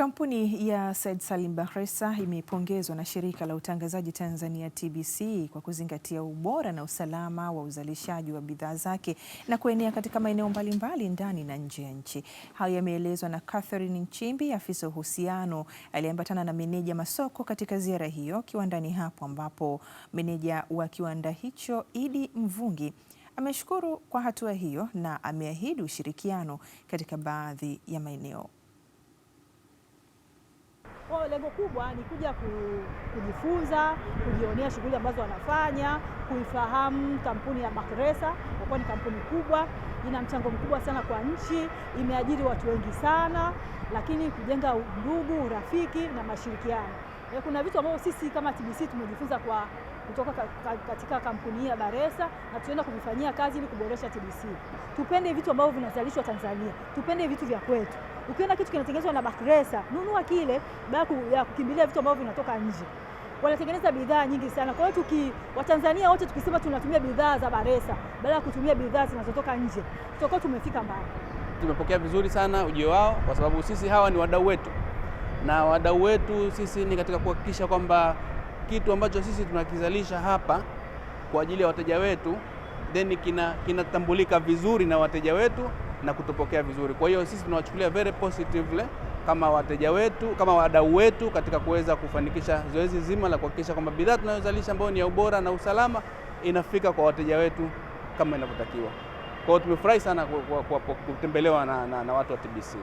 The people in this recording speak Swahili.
Kampuni ya Said Salim Bakhresa imepongezwa na Shirika la Utangazaji Tanzania TBC kwa kuzingatia ubora na usalama wa uzalishaji wa bidhaa zake na kuenea katika maeneo mbalimbali ndani na nje ya nchi. Hayo yameelezwa na Catherine Nchimbi, afisa uhusiano aliyeambatana na meneja masoko katika ziara hiyo kiwandani hapo, ambapo meneja wa kiwanda hicho Idi Mvungi ameshukuru kwa hatua hiyo na ameahidi ushirikiano katika baadhi ya maeneo. Kwa hiyo lengo kubwa ni kuja kujifunza, kujionea shughuli ambazo wanafanya, kuifahamu kampuni ya Makresa kwa kuwa ni kampuni kubwa, ina mchango mkubwa sana kwa nchi, imeajiri watu wengi sana, lakini kujenga ndugu, urafiki na mashirikiano. E, kuna vitu ambavyo sisi kama TBC tumejifunza kwa kutoka katika kampuni ya baresa na tunaenda kuvifanyia kazi ili kuboresha TBC. Tupende vitu ambavyo vinazalishwa Tanzania, tupende vitu vya kwetu. Ukiona kitu kinatengenezwa na Bakresa, nunua kile baada ya kukimbilia vitu ambavyo vinatoka nje. Wanatengeneza bidhaa nyingi sana. Kwa hiyo tuki Watanzania wote tukisema tunatumia bidhaa za Baresa badala ya kutumia bidhaa zinazotoka nje, tutakuwa tumefika mbali. Tumepokea vizuri sana ujio wao, kwa sababu sisi hawa ni wadau wetu, na wadau wetu sisi ni katika kuhakikisha kwamba kitu ambacho sisi tunakizalisha hapa kwa ajili ya wateja wetu then kinatambulika kina vizuri na wateja wetu na kutupokea vizuri. Kwa hiyo sisi tunawachukulia very positively kama wateja wetu, kama wadau wetu katika kuweza kufanikisha zoezi zima la kuhakikisha kwamba bidhaa tunayozalisha ambayo ni ya ubora na usalama inafika kwa wateja wetu kama inavyotakiwa. Kwa hiyo tumefurahi sana kutembelewa na, na, na watu wa TBC.